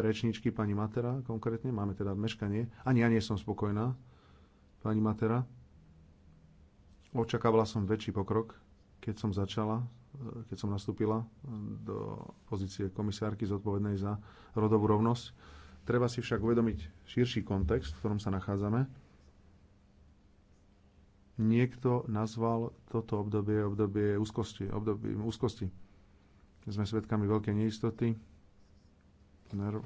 rečničky pani Matera konkrétne, máme teda meškanie. Ani ja nie som spokojná, pani Matera. Očakávala som väčší pokrok, keď som začala, e, keď som nastúpila e, do pozície komisárky zodpovednej za rodovú rovnosť. Treba si však uvedomiť širší kontext, v ktorom sa nachádzame. Niekto nazval toto obdobie obdobie úzkosti, Obdobie úzkosti. Sme svedkami veľkej neistoty,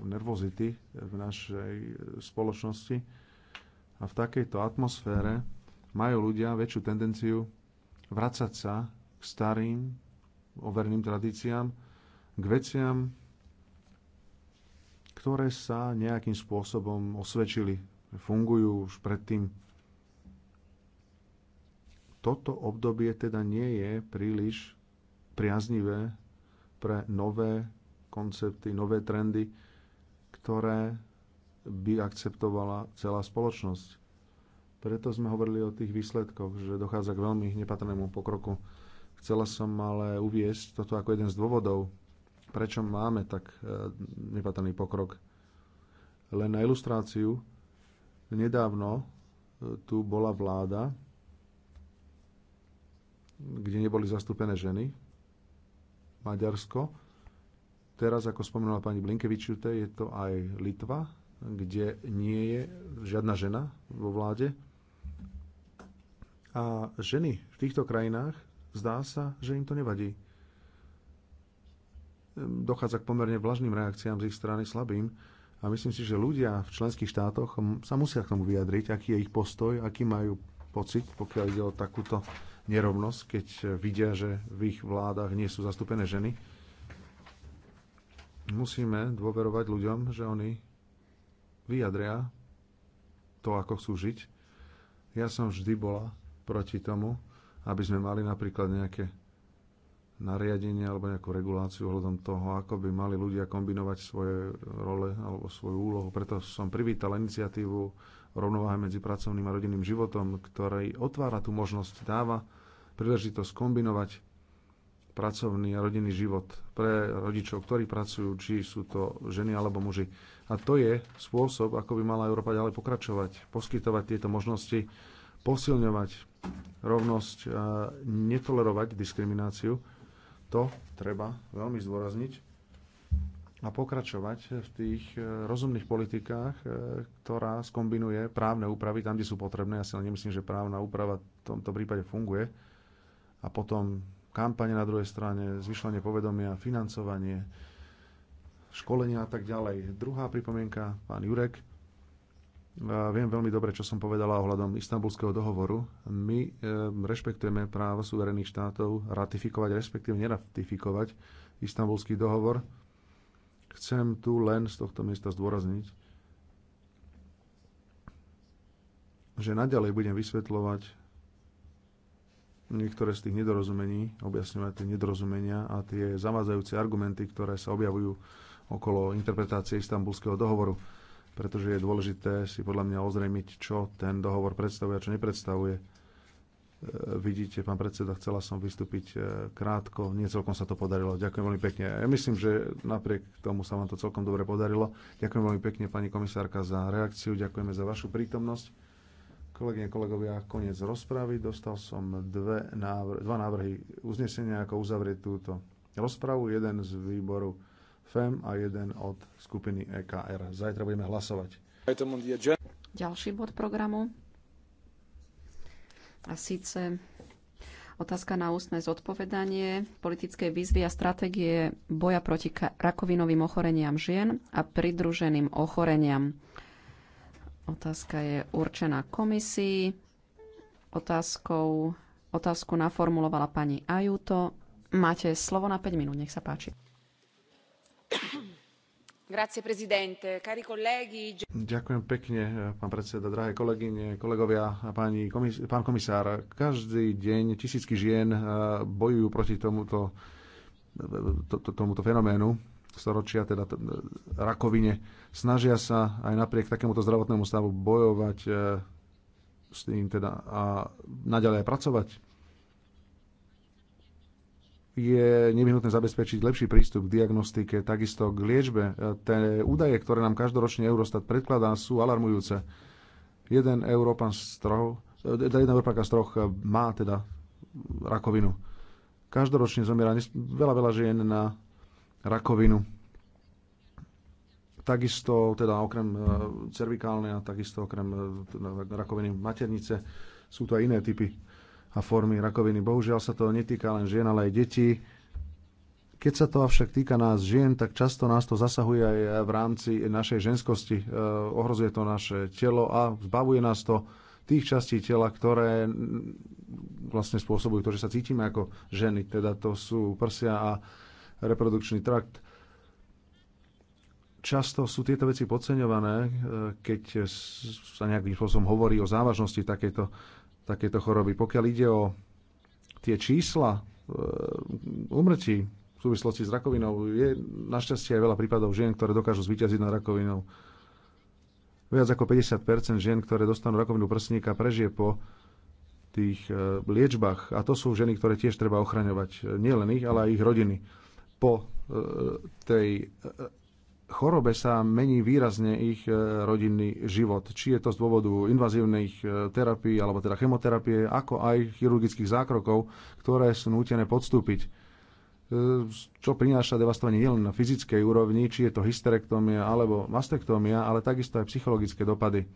nervozity v našej spoločnosti. A v takejto atmosfére majú ľudia väčšiu tendenciu vracať sa k starým, overným tradíciám, k veciam, ktoré sa nejakým spôsobom osvedčili, fungujú už predtým. Toto obdobie teda nie je príliš priaznivé pre nové koncepty, nové trendy, ktoré by akceptovala celá spoločnosť. Preto sme hovorili o tých výsledkoch, že dochádza k veľmi nepatrnému pokroku. Chcela som ale uviesť toto ako jeden z dôvodov, prečo máme tak e, nepatrný pokrok. Len na ilustráciu, nedávno e, tu bola vláda, kde neboli zastúpené ženy, Maďarsko, Teraz, ako spomenula pani Blinkevičute, je to aj Litva, kde nie je žiadna žena vo vláde. A ženy v týchto krajinách zdá sa, že im to nevadí. Dochádza k pomerne vlažným reakciám z ich strany slabým a myslím si, že ľudia v členských štátoch sa musia k tomu vyjadriť, aký je ich postoj, aký majú pocit, pokiaľ ide o takúto nerovnosť, keď vidia, že v ich vládach nie sú zastúpené ženy Musíme dôverovať ľuďom, že oni vyjadria to, ako chcú žiť. Ja som vždy bola proti tomu, aby sme mali napríklad nejaké nariadenie alebo nejakú reguláciu ohľadom toho, ako by mali ľudia kombinovať svoje role alebo svoju úlohu. Preto som privítal iniciatívu rovnováhe medzi pracovným a rodinným životom, ktorý otvára tú možnosť, dáva príležitosť kombinovať pracovný a rodinný život pre rodičov, ktorí pracujú, či sú to ženy alebo muži. A to je spôsob, ako by mala Európa ďalej pokračovať, poskytovať tieto možnosti, posilňovať rovnosť, a netolerovať diskrimináciu. To treba veľmi zdôrazniť a pokračovať v tých e, rozumných politikách, e, ktorá skombinuje právne úpravy tam, kde sú potrebné. Ja si ale nemyslím, že právna úprava v tomto prípade funguje. A potom kampane na druhej strane, zvyšovanie povedomia, financovanie, školenia a tak ďalej. Druhá pripomienka, pán Jurek. Viem veľmi dobre, čo som povedala ohľadom istambulského dohovoru. My e, rešpektujeme právo suverených štátov ratifikovať, respektíve neratifikovať istambulský dohovor. Chcem tu len z tohto miesta zdôrazniť, že naďalej budem vysvetľovať niektoré z tých nedorozumení, objasňovať tie nedorozumenia a tie zavádzajúce argumenty, ktoré sa objavujú okolo interpretácie istambulského dohovoru. Pretože je dôležité si podľa mňa ozrejmiť, čo ten dohovor predstavuje a čo nepredstavuje. E, vidíte, pán predseda, chcela som vystúpiť e, krátko, nie celkom sa to podarilo. Ďakujem veľmi pekne. Ja myslím, že napriek tomu sa vám to celkom dobre podarilo. Ďakujem veľmi pekne, pani komisárka, za reakciu, ďakujeme za vašu prítomnosť. Kolegyne, kolegovia, koniec rozpravy. Dostal som dve návr- dva návrhy uznesenia, ako uzavrieť túto rozpravu. Jeden z výboru FEM a jeden od skupiny EKR. Zajtra budeme hlasovať. Ďalší bod programu. A síce otázka na ústne zodpovedanie politickej výzvy a stratégie boja proti rakovinovým ochoreniam žien a pridruženým ochoreniam. Otázka je určená komisii. Otázkou, otázku naformulovala pani Ajuto. Máte slovo na 5 minút, nech sa páči. Ďakujem pekne, pán predseda, drahé kolegyne, kolegovia a pani komis- pán komisár. Každý deň tisícky žien eh, bojujú proti tomuto, eh, to, to, tomuto fenoménu storočia, teda eh, rakovine snažia sa aj napriek takémuto zdravotnému stavu bojovať e, s tým teda a naďalej pracovať. Je nevyhnutné zabezpečiť lepší prístup k diagnostike, takisto k liečbe. E, tie údaje, ktoré nám každoročne Eurostat predkladá, sú alarmujúce. Jeden Európan z troch, e, teda jedna Európanka z troch má teda rakovinu. Každoročne zomiera veľa, veľa žien na rakovinu Takisto, teda okrem e, cervikálnej a takisto okrem e, teda rakoviny maternice sú to aj iné typy a formy rakoviny. Bohužiaľ sa to netýka len žien, ale aj detí. Keď sa to avšak týka nás žien, tak často nás to zasahuje aj e, v rámci našej ženskosti. Ohrozuje to naše telo a zbavuje nás to tých častí tela, ktoré vlastne spôsobujú to, že sa cítime ako ženy. Teda to sú prsia a reprodukčný trakt Často sú tieto veci podceňované, e, keď sa nejakým spôsobom hovorí o závažnosti takejto, takéto choroby. Pokiaľ ide o tie čísla e, umrtí v súvislosti s rakovinou, je našťastie aj veľa prípadov žien, ktoré dokážu zvyťaziť nad rakovinou. Viac ako 50 žien, ktoré dostanú rakovinu prsníka, prežije po tých e, liečbách. A to sú ženy, ktoré tiež treba ochraňovať. Nielen ich, ale aj ich rodiny. Po tej chorobe sa mení výrazne ich e, rodinný život. Či je to z dôvodu invazívnych e, terapií, alebo teda chemoterapie, ako aj chirurgických zákrokov, ktoré sú nútené podstúpiť. E, čo prináša devastovanie nielen na fyzickej úrovni, či je to hysterektómia alebo mastektómia, ale takisto aj psychologické dopady.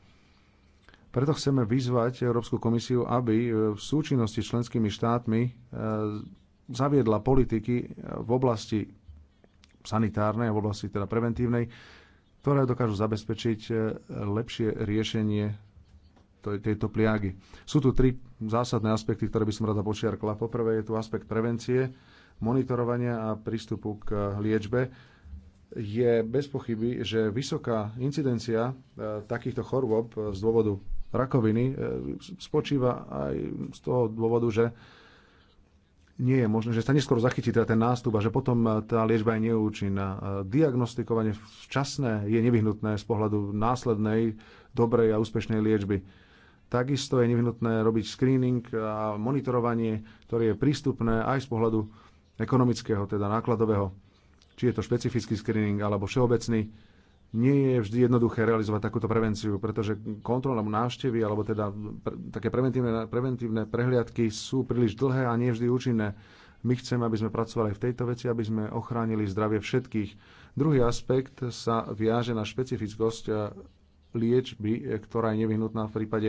Preto chceme vyzvať Európsku komisiu, aby v súčinnosti s členskými štátmi zaviedla politiky v oblasti sanitárnej a v oblasti teda preventívnej, ktoré dokážu zabezpečiť e, lepšie riešenie tejto pliagy. Sú tu tri zásadné aspekty, ktoré by som rada počiarkla. Poprvé je tu aspekt prevencie, monitorovania a prístupu k e, liečbe. Je bez pochyby, že vysoká incidencia e, takýchto chorôb z dôvodu rakoviny spočíva aj z toho dôvodu, že nie je možné, že sa neskôr zachytí teda ten nástup a že potom eh, tá liečba je neúčinná. Eh, diagnostikovanie včasné je nevyhnutné z pohľadu následnej, dobrej a úspešnej liečby. Takisto je nevyhnutné robiť screening a monitorovanie, ktoré je prístupné aj z pohľadu ekonomického, teda nákladového. Či je to špecifický screening alebo všeobecný nie je vždy jednoduché realizovať takúto prevenciu, pretože kontrolné návštevy alebo teda pre, také preventívne, preventívne prehliadky sú príliš dlhé a nie vždy účinné. My chceme, aby sme pracovali v tejto veci, aby sme ochránili zdravie všetkých. Druhý aspekt sa viaže na špecifickosť eh, liečby, eh, ktorá je nevyhnutná v prípade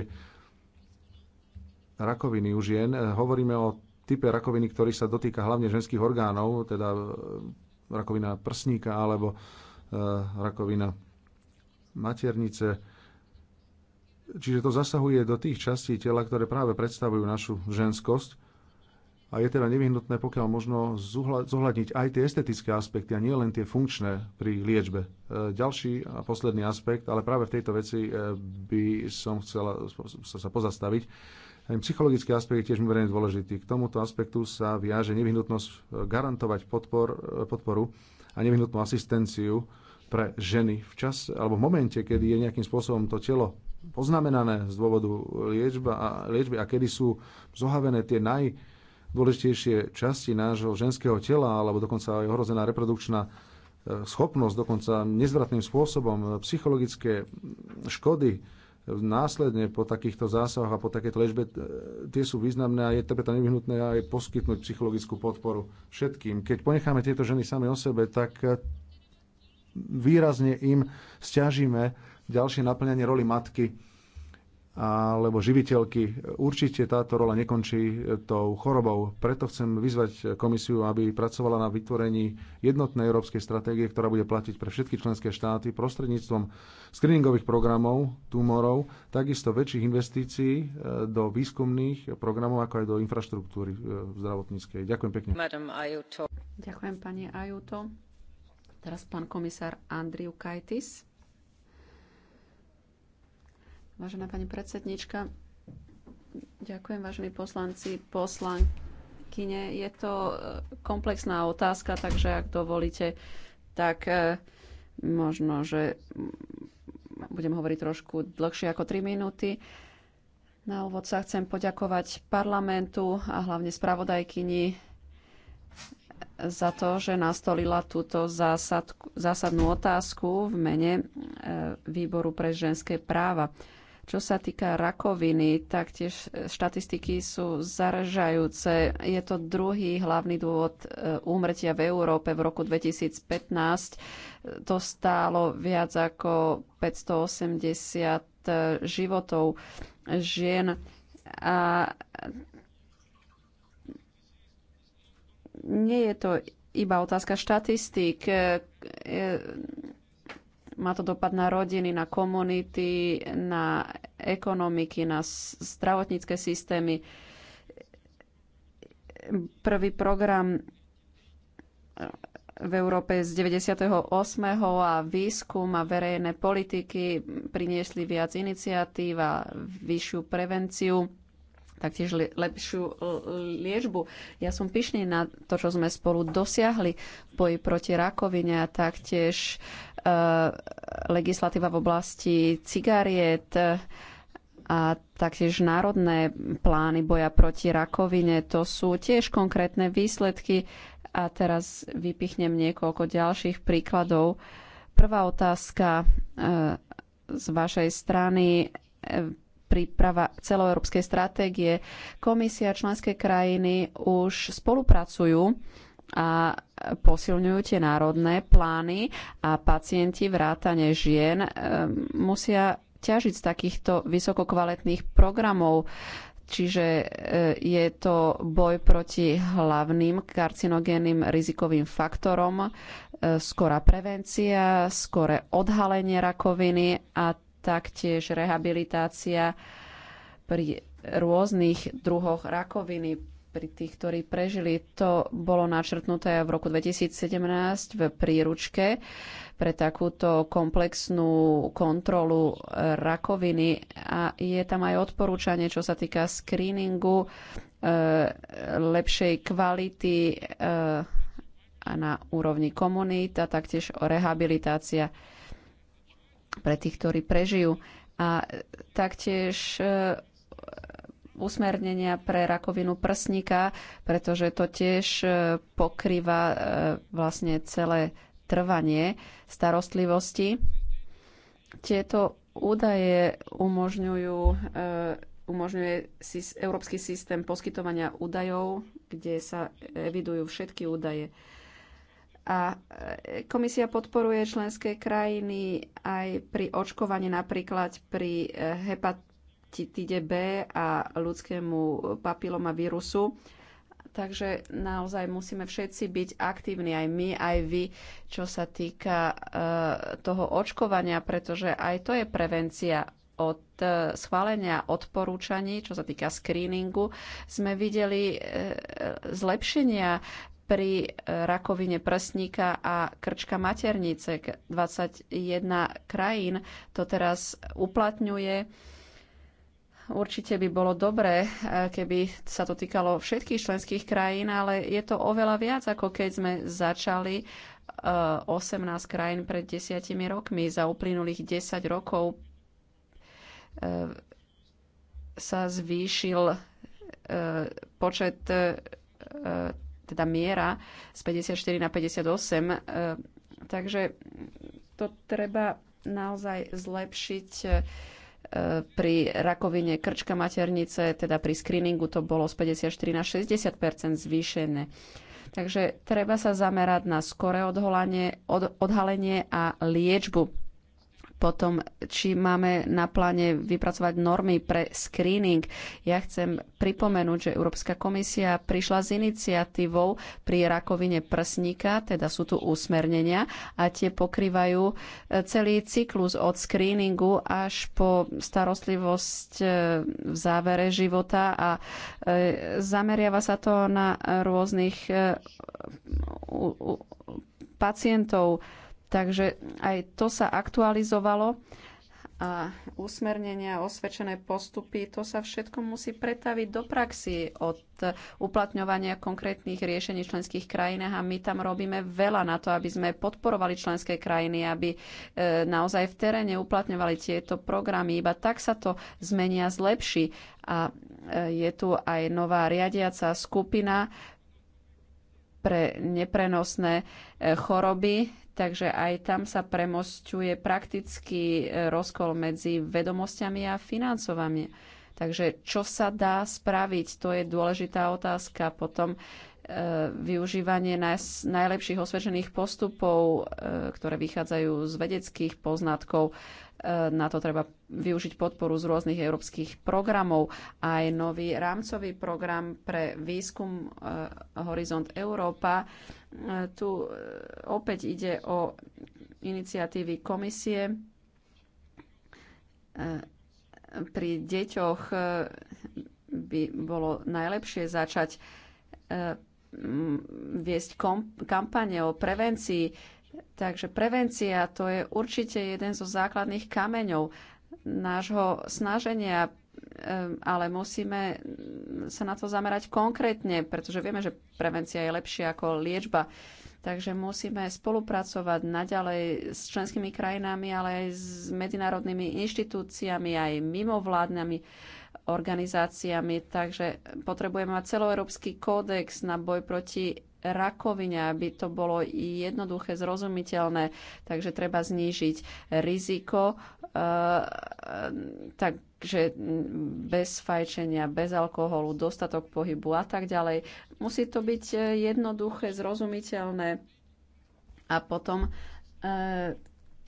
rakoviny u žien. Eh, hovoríme o type rakoviny, ktorý sa dotýka hlavne ženských orgánov, teda rakovina prsníka alebo Eh, rakovina maternice. Čiže to zasahuje do tých častí tela, ktoré práve predstavujú našu ženskosť. A je teda nevyhnutné, pokiaľ možno zohľadniť aj tie estetické aspekty a nie len tie funkčné pri liečbe. Eh, ďalší a posledný aspekt, ale práve v tejto veci eh, by som chcela sa pozastaviť. psychologický aspekt je tiež mimoriadne dôležitý. K tomuto aspektu sa viaže nevyhnutnosť garantovať podpor, podporu a nevyhnutnú asistenciu pre ženy v čase, alebo v momente, kedy je nejakým spôsobom to telo poznamenané z dôvodu liečba a, liečby a kedy sú zohavené tie najdôležitejšie časti nášho ženského tela alebo dokonca aj ohrozená reprodukčná eh, schopnosť, dokonca nezvratným spôsobom, eh, psychologické škody, následne po takýchto zásahoch a po takéto ležbe, e, tie sú významné a je teda nevyhnutné aj poskytnúť psychologickú podporu všetkým. Keď ponecháme tieto ženy same o sebe, tak e, výrazne im stiažíme ďalšie naplňanie roli matky alebo živiteľky. Určite táto rola nekončí tou chorobou. Preto chcem vyzvať komisiu, aby pracovala na vytvorení jednotnej európskej stratégie, ktorá bude platiť pre všetky členské štáty prostredníctvom screeningových programov tumorov, takisto väčších investícií e, do výskumných programov, ako aj do infraštruktúry e, zdravotníckej. Ďakujem pekne. Ďakujem pani Ajuto. Teraz pán komisár Andriu Kajtis. Vážená pani predsednička, ďakujem vážení poslanci, poslankyne. Je to e, komplexná otázka, takže ak dovolíte, tak e, možno, že budem hovoriť trošku dlhšie ako 3 minúty. Na úvod sa chcem poďakovať parlamentu a hlavne spravodajkyni za to, že nastolila túto zásadnú otázku v mene e, Výboru pre ženské práva. Čo sa týka rakoviny, tak tiež e, štatistiky sú zaražajúce. Je to druhý hlavný dôvod e, úmrtia v Európe v roku 2015. E, to stálo viac ako 580 životov žien. A nie je to iba otázka štatistík. Má to dopad na rodiny, na komunity, na ekonomiky, na zdravotnícke systémy. Prvý program eh, v Európe z 98. a výskum a verejné politiky priniesli viac iniciatív a vyššiu prevenciu taktiež lepšiu liečbu. Ja som pyšný na to, čo sme spolu dosiahli v boji proti rakovine a taktiež e, legislatíva v oblasti cigariet e, a taktiež národné plány boja proti rakovine. To sú tiež konkrétne výsledky a teraz vypichnem niekoľko ďalších príkladov. Prvá otázka e, z vašej strany. E, príprava celoeurópskej stratégie. Komisia členské krajiny už spolupracujú a posilňujú tie národné plány a pacienti vrátane žien eh, musia ťažiť z takýchto vysokokvalitných programov. Čiže eh, je to boj proti hlavným karcinogénnym rizikovým faktorom, eh, skorá prevencia, skoré odhalenie rakoviny a taktiež rehabilitácia pri rôznych druhoch rakoviny pri tých, ktorí prežili. To bolo načrtnuté v roku 2017 v príručke pre takúto komplexnú kontrolu e, rakoviny a je tam aj odporúčanie, čo sa týka screeningu, e, lepšej kvality e, na úrovni komunít a taktiež rehabilitácia pre tých, ktorí prežijú. A taktiež e, usmernenia pre rakovinu prsníka, pretože to tiež e, pokrýva e, vlastne celé trvanie starostlivosti. Tieto údaje umožňujú, umožňuje Európsky systém poskytovania údajov, kde sa evidujú všetky údaje a e, komisia podporuje členské krajiny aj pri očkovaní, napríklad pri e, hepatitide B a ľudskému papiloma vírusu. Takže naozaj musíme všetci byť aktívni, aj my, aj vy, čo sa týka e, toho očkovania, pretože aj to je prevencia od schválenia odporúčaní, čo sa týka screeningu, sme videli zlepšenia pri e, rakovine prsníka a krčka maternice. 21 krajín to teraz uplatňuje. Určite by bolo dobré, e, keby sa to týkalo všetkých členských krajín, ale je to oveľa viac, ako keď sme začali 18 e, krajín pred desiatimi rokmi. Za uplynulých 10 rokov sa zvýšil počet teda miera z 54 na 58. E, takže to treba naozaj zlepšiť e, pri rakovine krčka maternice, teda pri screeningu to bolo z 54 na 60 zvýšené. Takže treba sa zamerať na skoré od, odhalenie a liečbu potom, či máme na pláne vypracovať normy pre screening. Ja chcem pripomenúť, že Európska komisia prišla s iniciatívou pri rakovine prsníka, teda sú tu úsmernenia a tie pokrývajú e, celý cyklus od screeningu až po starostlivosť e, v závere života a e, zameriava sa to na rôznych pacientov, Takže aj to sa aktualizovalo a usmernenia, osvedčené postupy, to sa všetko musí pretaviť do praxi od uplatňovania konkrétnych riešení v členských krajinách a my tam robíme veľa na to, aby sme podporovali členské krajiny, aby e, naozaj v teréne uplatňovali tieto programy. Iba tak sa to zmenia, zlepší. A e, je tu aj nová riadiaca skupina, pre neprenosné e, choroby, takže aj tam sa premostuje praktický e, rozkol medzi vedomosťami a financovami. Takže čo sa dá spraviť, to je dôležitá otázka. Potom e, využívanie najlepších osvedčených postupov, ktoré vychádzajú z vedeckých poznatkov. Eh, na to treba využiť podporu z rôznych európskych programov. Aj nový rámcový program pre výskum eh, Horizont Európa. Eh, tu opäť ide o iniciatívy komisie pri deťoch by bolo najlepšie začať viesť kampane o prevencii Takže prevencia to je určite jeden zo základných kameňov nášho snaženia, e, ale musíme sa na to zamerať konkrétne, pretože vieme, že prevencia je lepšia ako liečba. Takže musíme spolupracovať naďalej s členskými krajinami, ale aj s medzinárodnými inštitúciami, aj mimovládnymi organizáciami. Takže potrebujeme mať celoeurópsky kódex na boj proti rakovine, aby to bolo jednoduché, zrozumiteľné, takže treba znížiť riziko. E, takže bez fajčenia, bez alkoholu, dostatok pohybu a tak ďalej. Musí to byť e, jednoduché, zrozumiteľné. A potom e,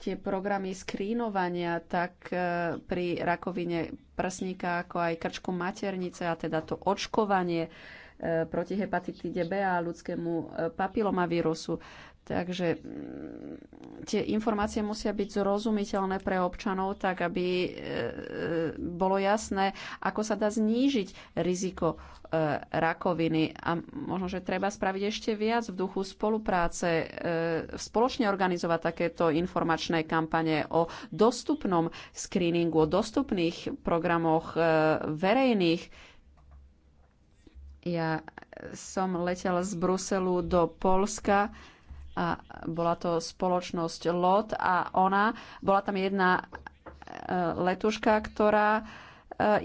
tie programy skrínovania tak pri rakovine prsníka, ako aj krčku maternice a teda to očkovanie Eh, proti hepatitíde B a ľudskému eh, papilomavírusu. Takže mm, tie informácie musia byť zrozumiteľné pre občanov, tak aby eh, bolo jasné, ako sa dá znížiť riziko rakoviny. A možno, že treba spraviť ešte viac v duchu spolupráce, spoločne organizovať takéto informačné kampane o dostupnom screeningu, o dostupných programoch verejných ja som letel z Bruselu do Polska a bola to spoločnosť LOT a ona, bola tam jedna e, letuška, ktorá e,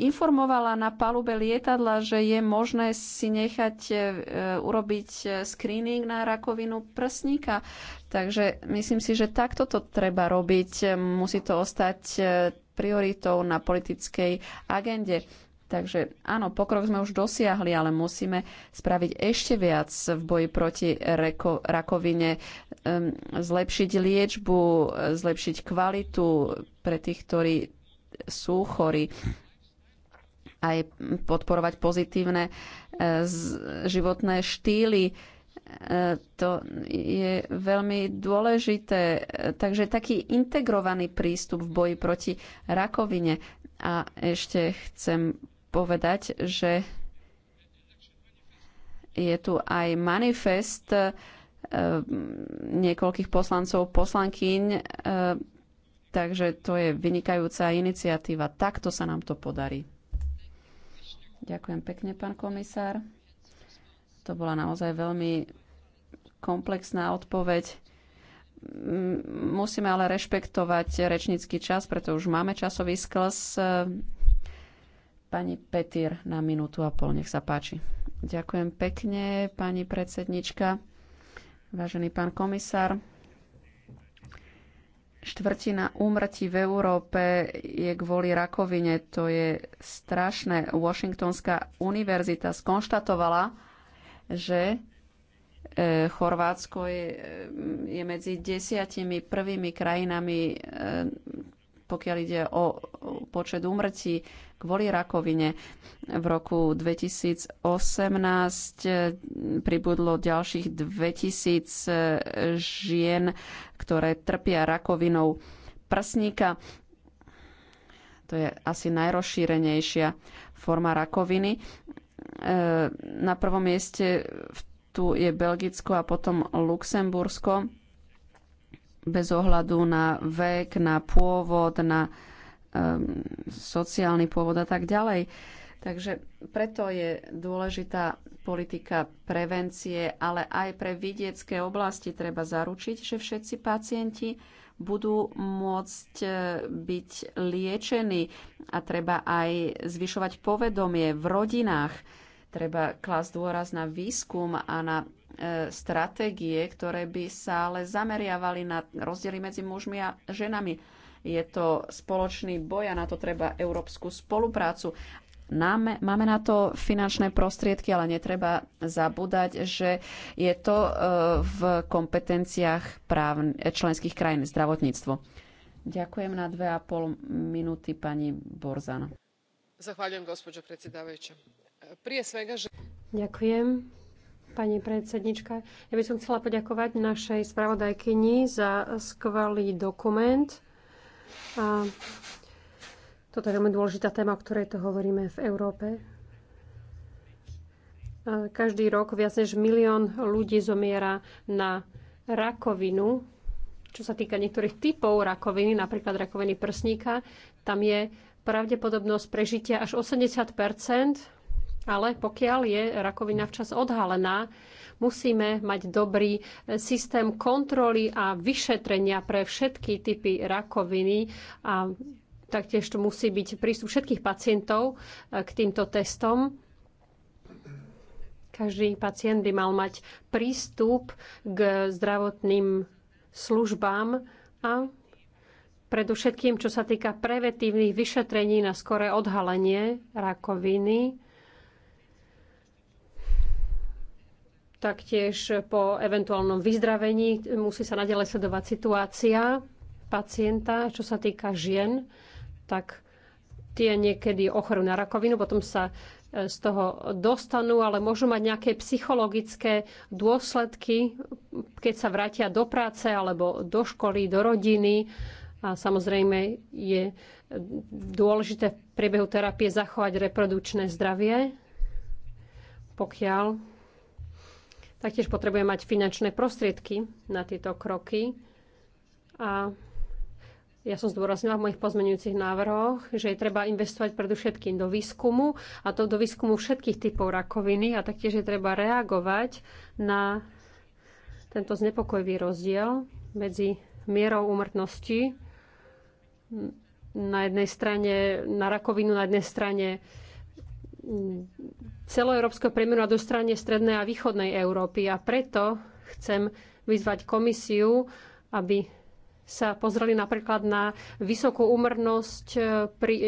informovala na palube lietadla, že je možné si nechať e, urobiť screening na rakovinu prsníka. Takže myslím si, že takto to treba robiť. Musí to ostať prioritou na politickej agende. Takže áno, pokrok sme už dosiahli, ale musíme spraviť ešte viac v boji proti reko, rakovine, ehm, zlepšiť liečbu, zlepšiť kvalitu pre tých, ktorí sú chorí aj podporovať pozitívne e, životné štýly. E, to je veľmi dôležité. Takže taký integrovaný prístup v boji proti rakovine. A ešte chcem povedať, že je tu aj manifest eh, niekoľkých poslancov, poslankyň, eh, takže to je vynikajúca iniciatíva. Takto sa nám to podarí. Ďakujem pekne, pán komisár. To bola naozaj veľmi komplexná odpoveď. Musíme ale rešpektovať rečnícky čas, preto už máme časový skles. Eh, Pani Petir na minútu a pol, nech sa páči. Ďakujem pekne, pani predsednička. Vážený pán komisár, štvrtina úmrtí v Európe je kvôli rakovine. To je strašné. Washingtonská univerzita skonštatovala, že e, Chorvátsko je, e, je medzi desiatimi prvými krajinami e, pokiaľ ide o počet úmrtí kvôli rakovine. V roku 2018 pribudlo ďalších 2000 žien, ktoré trpia rakovinou prsníka. To je asi najrozšírenejšia forma rakoviny. Na prvom mieste tu je Belgicko a potom Luxembursko bez ohľadu na vek, na pôvod, na um, sociálny pôvod a tak ďalej. Takže preto je dôležitá politika prevencie, ale aj pre vidiecké oblasti treba zaručiť, že všetci pacienti budú môcť e, byť liečení a treba aj zvyšovať povedomie v rodinách. Treba klásť dôraz na výskum a na E, stratégie, ktoré by sa ale zameriavali na rozdiely medzi mužmi a ženami. Je to spoločný boj a na to treba európsku spoluprácu. Máme, máme na to finančné prostriedky, ale netreba zabúdať, že je to e, v kompetenciách práv e, členských krajín zdravotníctvo. Ďakujem na dve a pol minúty pani Borzan. Zahvaľujem, gospođo predsjedavajuća. Prije svega... Že... Ďakujem, pani predsednička. Ja by som chcela poďakovať našej spravodajkyni za skvelý dokument. A toto je veľmi dôležitá téma, o ktorej to hovoríme v Európe. A každý rok viac než milión ľudí zomiera na rakovinu, čo sa týka niektorých typov rakoviny, napríklad rakoviny prsníka, tam je pravdepodobnosť prežitia až 80 ale pokiaľ je rakovina včas odhalená, musíme mať dobrý e, systém kontroly a vyšetrenia pre všetky typy rakoviny a taktiež tu musí byť prístup všetkých pacientov e, k týmto testom. Každý pacient by mal mať prístup k zdravotným službám a predovšetkým, čo sa týka preventívnych vyšetrení na skoré odhalenie rakoviny, Taktiež po eventuálnom vyzdravení musí sa nadalej sledovať situácia pacienta, čo sa týka žien, tak tie niekedy ochorú na rakovinu, potom sa e, z toho dostanú, ale môžu mať nejaké psychologické dôsledky, keď sa vrátia do práce alebo do školy, do rodiny. A samozrejme je dôležité v priebehu terapie zachovať reprodukčné zdravie, pokiaľ Taktiež potrebujeme mať finančné prostriedky na tieto kroky. A ja som zdôraznila v mojich pozmenujúcich návrhoch, že je treba investovať predovšetkým do výskumu a to do výskumu všetkých typov rakoviny a taktiež je treba reagovať na tento znepokojivý rozdiel medzi mierou úmrtnosti na jednej strane na rakovinu, na jednej strane celoeurópskeho priemeru na strane strednej a východnej Európy. A preto chcem vyzvať komisiu, aby sa pozreli napríklad na vysokú úmrnosť eh, pri eh,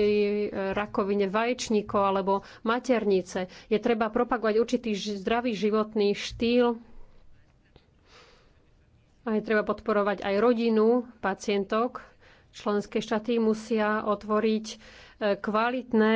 rakovine vaječníkov alebo maternice. Je treba propagovať určitý zdravý životný štýl a je treba podporovať aj rodinu pacientok. Členské štáty musia otvoriť eh, kvalitné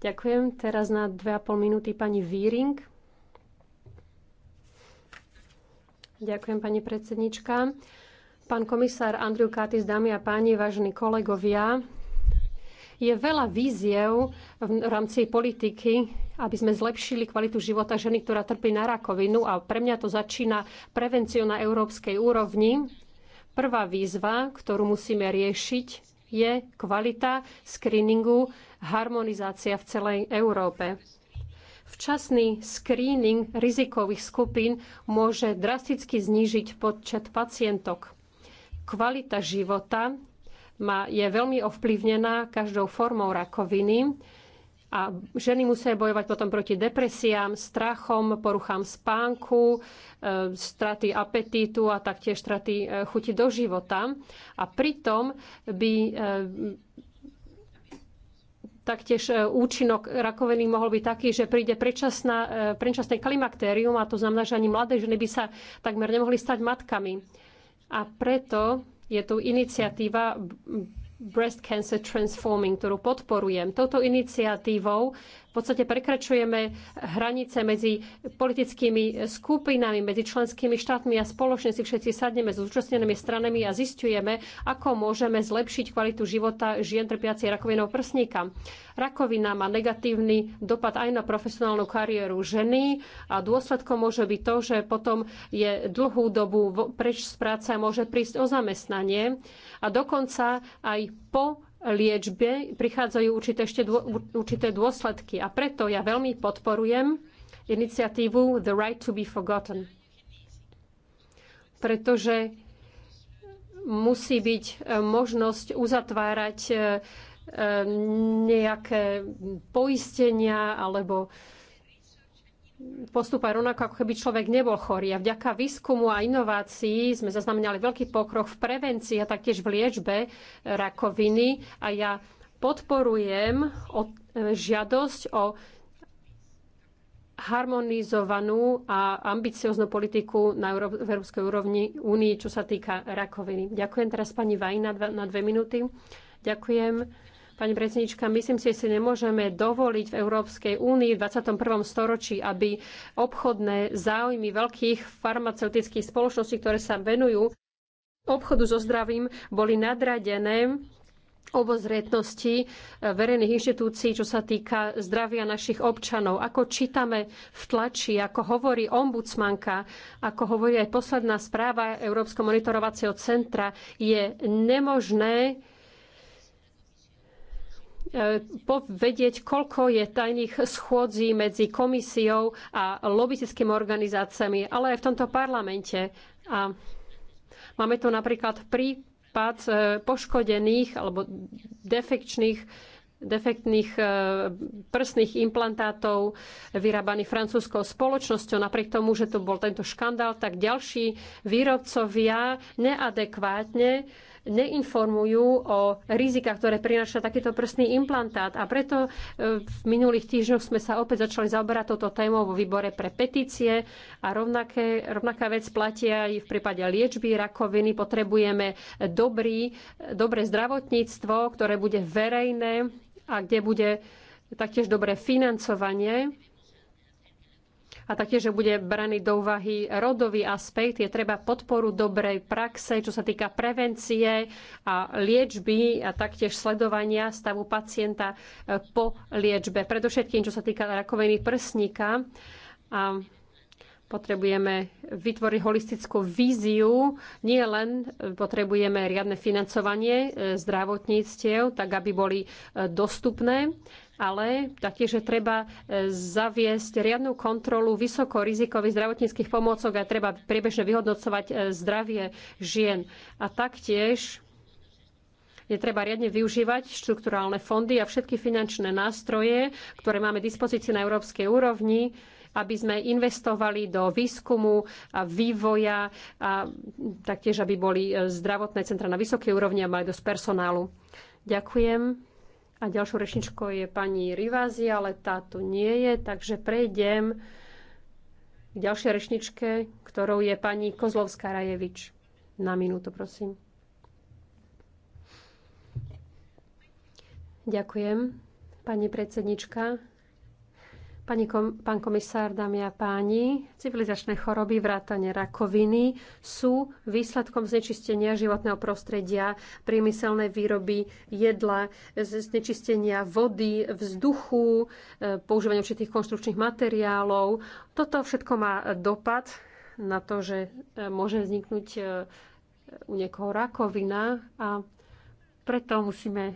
Ďakujem. Teraz na dve a pol minúty pani Víring. Ďakujem, pani predsednička. Pán komisár Andriu Kátis, dámy a páni, vážení kolegovia, je veľa víziev v rámci politiky, aby sme zlepšili kvalitu života ženy, ktorá trpí na rakovinu a pre mňa to začína prevenciou na európskej úrovni. Prvá výzva, ktorú musíme riešiť, je kvalita screeningu, harmonizácia v celej Európe. Včasný screening rizikových skupín môže drasticky znížiť počet pacientok. Kvalita života je veľmi ovplyvnená každou formou rakoviny a ženy musia bojovať potom proti depresiám, strachom, poruchám spánku, e, straty apetítu a taktiež straty e, chuti do života. A pritom by e, taktiež účinok rakoviny mohol byť taký, že príde predčasné klimaktérium a to znamená, že ani mladé ženy by sa takmer nemohli stať matkami. A preto je tu iniciatíva Breast Cancer Transforming, ktorú podporujem. Touto iniciatívou podstate prekračujeme hranice medzi politickými skupinami, medzi členskými štátmi a spoločne si všetci sadneme s zúčastnenými stranami a zistujeme, ako môžeme zlepšiť kvalitu života žien trpiacej rakovinou prsníka. Rakovina má negatívny dopad aj na profesionálnu kariéru ženy a dôsledkom môže byť to, že potom je dlhú dobu preč z práce a môže prísť o zamestnanie a dokonca aj po liečbe prichádzajú určité, ešte dô, určité dôsledky. A preto ja veľmi podporujem iniciatívu The Right to be Forgotten. Pretože musí byť e, možnosť uzatvárať e, e, nejaké poistenia alebo postúpa rovnako, ako keby človek nebol chorý. A vďaka výskumu a inovácií sme zaznamenali veľký pokrok v prevencii a taktiež v liečbe rakoviny. A ja podporujem e, žiadosť o harmonizovanú a ambicioznú politiku na európskej úrovni únii, čo sa týka rakoviny. Ďakujem teraz pani Vajna na dve minúty. Ďakujem. Pani predsednička, myslím si, že si nemôžeme dovoliť v Európskej únii v 21. storočí, aby obchodné záujmy veľkých farmaceutických spoločností, ktoré sa venujú obchodu so zdravím, boli nadradené obozretnosti eh, verejných inštitúcií, čo sa týka zdravia našich občanov. Ako čítame v tlači, ako hovorí ombudsmanka, ako hovorí aj posledná správa Európskeho monitorovacieho centra, je nemožné vedieť, koľko je tajných schôdzí medzi komisiou a lobistickými organizáciami, ale aj v tomto parlamente. A máme tu napríklad prípad e, poškodených alebo defekčných defektných e, prsných implantátov vyrábaných francúzskou spoločnosťou. Napriek tomu, že tu bol tento škandál, tak ďalší výrobcovia neadekvátne neinformujú o rizikách, ktoré prináša takýto prstný implantát. A preto e, v minulých týždňoch sme sa opäť začali zaoberať touto témou vo výbore pre petície a rovnaké, rovnaká vec platia aj v prípade liečby rakoviny. Potrebujeme dobrý, dobré zdravotníctvo, ktoré bude verejné a kde bude taktiež dobré financovanie a taktiež, že bude braný do úvahy rodový aspekt. Je treba podporu dobrej praxe, čo sa týka prevencie a liečby a taktiež sledovania stavu pacienta eh, po liečbe. Predovšetkým, čo sa týka rakoviny prsníka. A potrebujeme vytvoriť holistickú víziu. Nie len eh, potrebujeme riadne financovanie eh, zdravotníctiev, tak aby boli dostupné, ale taktiež je treba e, zaviesť riadnu kontrolu vysokorizikových zdravotníckých pomôcok a treba priebežne vyhodnocovať e, zdravie žien. A taktiež je treba riadne využívať štrukturálne fondy a všetky finančné nástroje, ktoré máme dispozícii na európskej úrovni, aby sme investovali do výskumu a vývoja a taktiež, aby boli e, zdravotné centra na vysokej úrovni a mali dosť personálu. Ďakujem. A ďalšou rečničkou je pani Rivázi, ale tá tu nie je, takže prejdem k ďalšej rečničke, ktorou je pani Kozlovská Rajevič. Na minútu, prosím. Ďakujem, pani predsednička. Pani kom, pán komisár, dámy a páni, civilizačné choroby, vrátane rakoviny sú výsledkom znečistenia životného prostredia, priemyselnej výroby jedla, znečistenia vody, vzduchu, e, používania určitých konštrukčných materiálov. Toto všetko má dopad na to, že e, môže vzniknúť e, u niekoho rakovina a preto musíme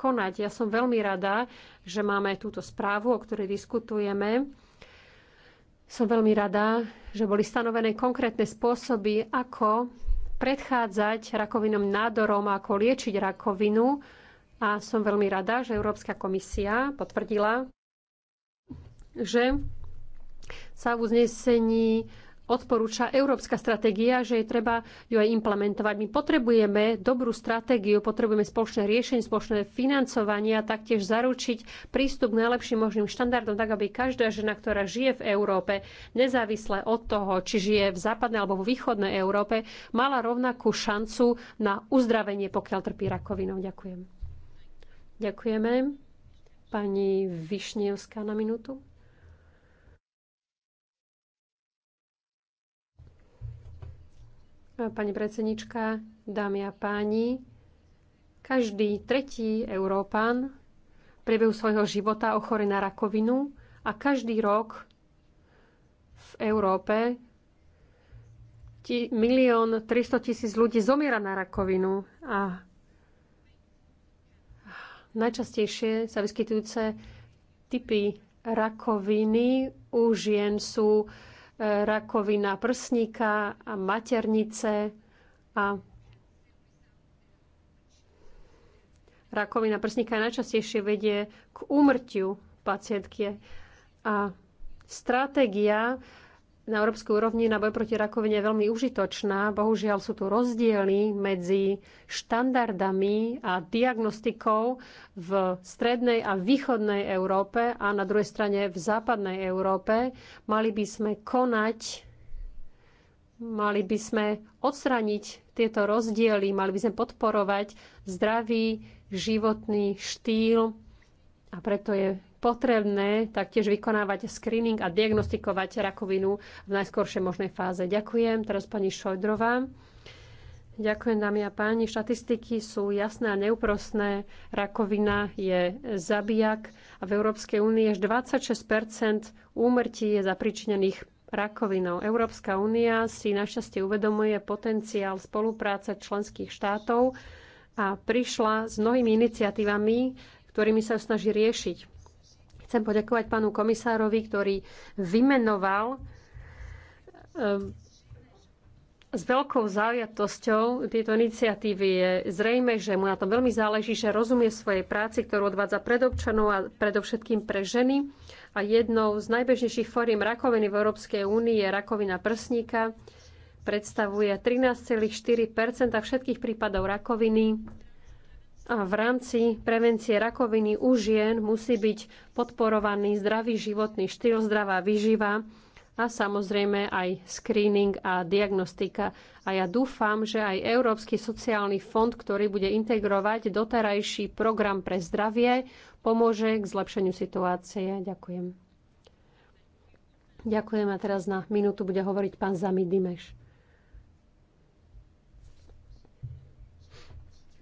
konať. Ja som veľmi rada, že máme túto správu, o ktorej diskutujeme. Som veľmi rada, že boli stanovené konkrétne spôsoby, ako predchádzať rakovinom nádorom, ako liečiť rakovinu. A som veľmi rada, že Európska komisia potvrdila, že sa v uznesení odporúča európska stratégia, že je treba ju aj implementovať. My potrebujeme dobrú stratégiu, potrebujeme spoločné riešenie, spoločné financovanie a taktiež zaručiť prístup k najlepším možným štandardom, tak aby každá žena, ktorá žije v Európe, nezávisle od toho, či žije v západnej alebo v východnej Európe, mala rovnakú šancu na uzdravenie, pokiaľ trpí rakovinou. Ďakujem. Ďakujeme. Pani Višnievská na minútu. pani predsednička, dámy a páni. Každý tretí Európan v priebehu svojho života ochore na rakovinu a každý rok v Európe milión 300 tisíc ľudí zomiera na rakovinu a najčastejšie sa vyskytujúce typy rakoviny u žien sú rakovina prsníka a maternice a rakovina prsníka najčastejšie vedie k úmrtiu pacientky. A stratégia na európskej úrovni na boj proti rakovine je veľmi užitočná. Bohužiaľ sú tu rozdiely medzi štandardami a diagnostikou v strednej a východnej Európe a na druhej strane v západnej Európe. Mali by sme konať, mali by sme odstraniť tieto rozdiely, mali by sme podporovať zdravý životný štýl a preto je potrebné taktiež vykonávať screening a diagnostikovať rakovinu v najskoršej možnej fáze. Ďakujem. Teraz pani Šojdrová. Ďakujem, dámy a páni. Štatistiky sú jasné a neúprosné. Rakovina je zabijak a v Európskej únii až 26 úmrtí je zapričnených rakovinou. Európska únia si našťastie uvedomuje potenciál spolupráce členských štátov a prišla s mnohými iniciatívami, ktorými sa snaží riešiť Chcem poďakovať pánu komisárovi, ktorý vymenoval ehm, s veľkou zaujatosťou tieto iniciatívy je zrejme, že mu na tom veľmi záleží, že rozumie svojej práci, ktorú odvádza pred občanov a predovšetkým pre ženy. A jednou z najbežnejších fóriem rakoviny v Európskej únii je rakovina prsníka. Predstavuje 13,4 všetkých prípadov rakoviny a v rámci prevencie rakoviny u žien musí byť podporovaný zdravý životný štýl, zdravá výživa a samozrejme aj screening a diagnostika. A ja dúfam, že aj Európsky sociálny fond, ktorý bude integrovať doterajší program pre zdravie, pomôže k zlepšeniu situácie. Ďakujem. Ďakujem a teraz na minútu bude hovoriť pán Zami Dimeš.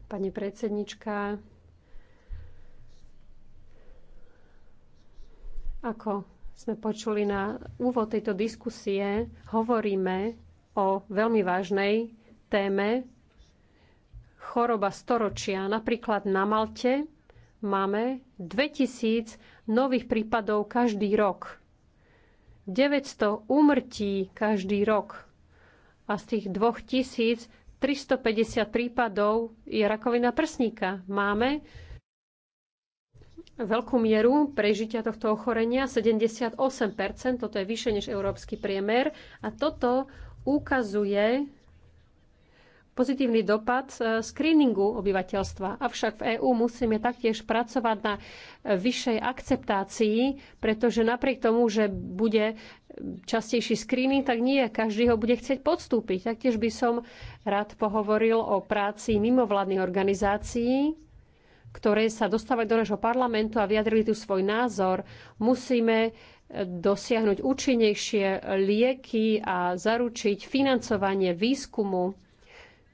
pani predsednička. Ako sme počuli na úvod tejto diskusie, hovoríme o veľmi vážnej téme choroba storočia. Napríklad na Malte máme 2000 nových prípadov každý rok. 900 úmrtí každý rok. A z tých 2000 350 prípadov je rakovina prsníka. Máme veľkú mieru prežitia tohto ochorenia, 78%, toto je vyššie než európsky priemer. A toto ukazuje pozitívny dopad e, screeningu obyvateľstva. Avšak v EÚ musíme taktiež pracovať na vyššej akceptácii, pretože napriek tomu, že bude častejší screening, tak nie každý ho bude chcieť podstúpiť. Taktiež by som rád pohovoril o práci mimovládnych organizácií, ktoré sa dostávajú do nášho parlamentu a vyjadrili tu svoj názor. Musíme e, dosiahnuť účinnejšie lieky a zaručiť financovanie výskumu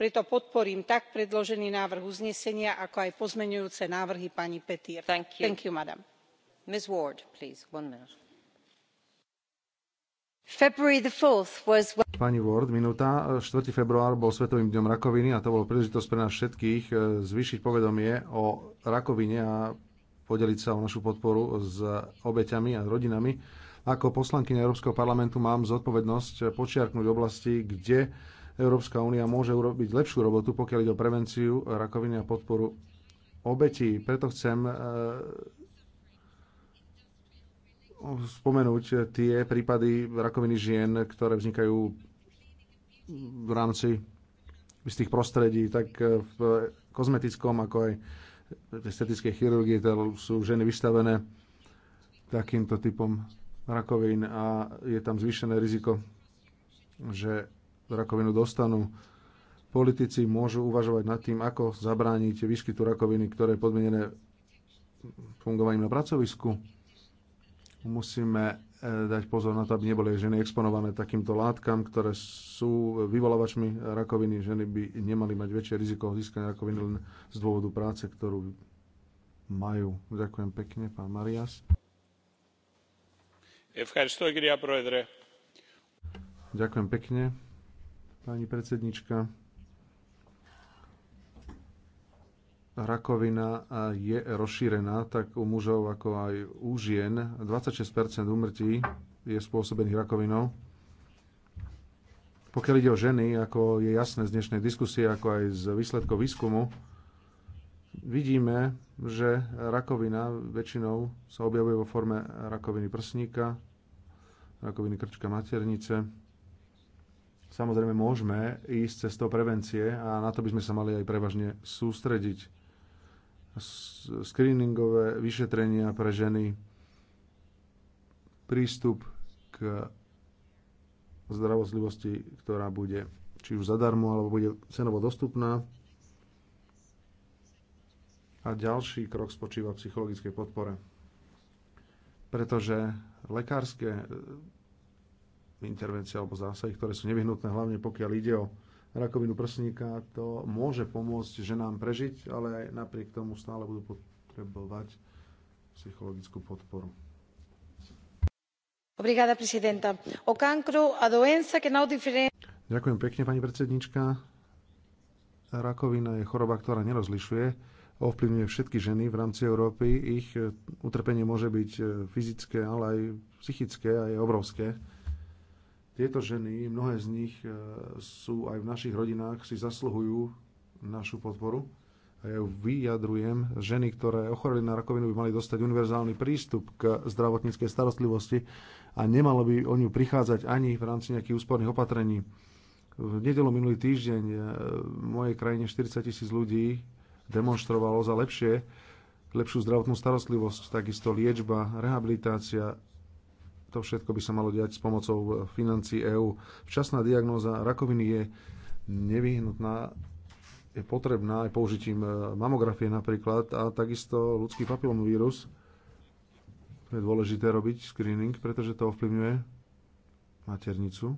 preto podporím tak predložený návrh uznesenia ako aj pozmeňujúce návrhy pani petir. pani ward minúta. 4. február bol svetovým dňom rakoviny a to bola príležitosť pre nás všetkých eh, zvýšiť povedomie o rakovine a podeliť sa o našu podporu s obeťami a rodinami. Ako poslankyňa Európskeho parlamentu mám zodpovednosť počiarknúť oblasti, kde Európska únia môže urobiť lepšiu robotu, pokiaľ ide o prevenciu rakoviny a podporu obetí. Preto chcem eh, spomenúť tie prípady rakoviny žien, ktoré vznikajú v rámci z tých prostredí, tak eh, v kozmetickom, ako aj v estetickej chirurgii, teda sú ženy vystavené takýmto typom rakovín a je tam zvýšené riziko, že rakovinu dostanú. Politici môžu uvažovať nad tým, ako zabrániť výskytu rakoviny, ktoré je podmienené fungovaním na pracovisku. Musíme e, dať pozor na to, aby neboli ženy exponované takýmto látkam, ktoré sú vyvolávačmi rakoviny. Ženy by nemali mať väčšie riziko získania rakoviny len z dôvodu práce, ktorú majú. Ďakujem pekne, pán Marias. Ďakujem pekne pani predsednička. Rakovina je rozšírená tak u mužov ako aj u žien. 26 úmrtí je spôsobených rakovinou. Pokiaľ ide o ženy, ako je jasné z dnešnej diskusie, ako aj z výsledkov výskumu, vidíme, že rakovina väčšinou sa objavuje vo forme rakoviny prsníka, rakoviny krčka maternice, Samozrejme môžeme ísť cez to prevencie a na to by sme sa mali aj prevažne sústrediť. Screeningové vyšetrenia pre ženy, prístup k zdravostlivosti, ktorá bude či už zadarmo, alebo bude cenovo dostupná. A ďalší krok spočíva v psychologickej podpore. Pretože lekárske intervencie alebo zásahy, ktoré sú nevyhnutné, hlavne pokiaľ ide o rakovinu prsníka. To môže pomôcť ženám prežiť, ale aj napriek tomu stále budú potrebovať psychologickú podporu. Obrigada, presidenta. O cancro, a doença que não diferen... Ďakujem pekne, pani predsednička. Rakovina je choroba, ktorá nerozlišuje ovplyvňuje všetky ženy v rámci Európy. Ich utrpenie môže byť e, fyzické, ale aj psychické a je obrovské. Tieto ženy, mnohé z nich e, sú aj v našich rodinách, si zasluhujú našu podporu. A ja ju vyjadrujem. Ženy, ktoré ochoreli na rakovinu, by mali dostať univerzálny prístup k zdravotníckej starostlivosti a nemalo by o ňu prichádzať ani v rámci nejakých úsporných opatrení. V nedelu minulý týždeň e, v mojej krajine 40 tisíc ľudí demonstrovalo za lepšie, lepšiu zdravotnú starostlivosť, takisto liečba, rehabilitácia, to všetko by sa malo diať s pomocou e, financí EÚ. Včasná diagnóza rakoviny je nevyhnutná, je potrebná aj použitím e, mamografie napríklad a takisto ľudský papilomovírus. To je dôležité robiť screening, pretože to ovplyvňuje maternicu.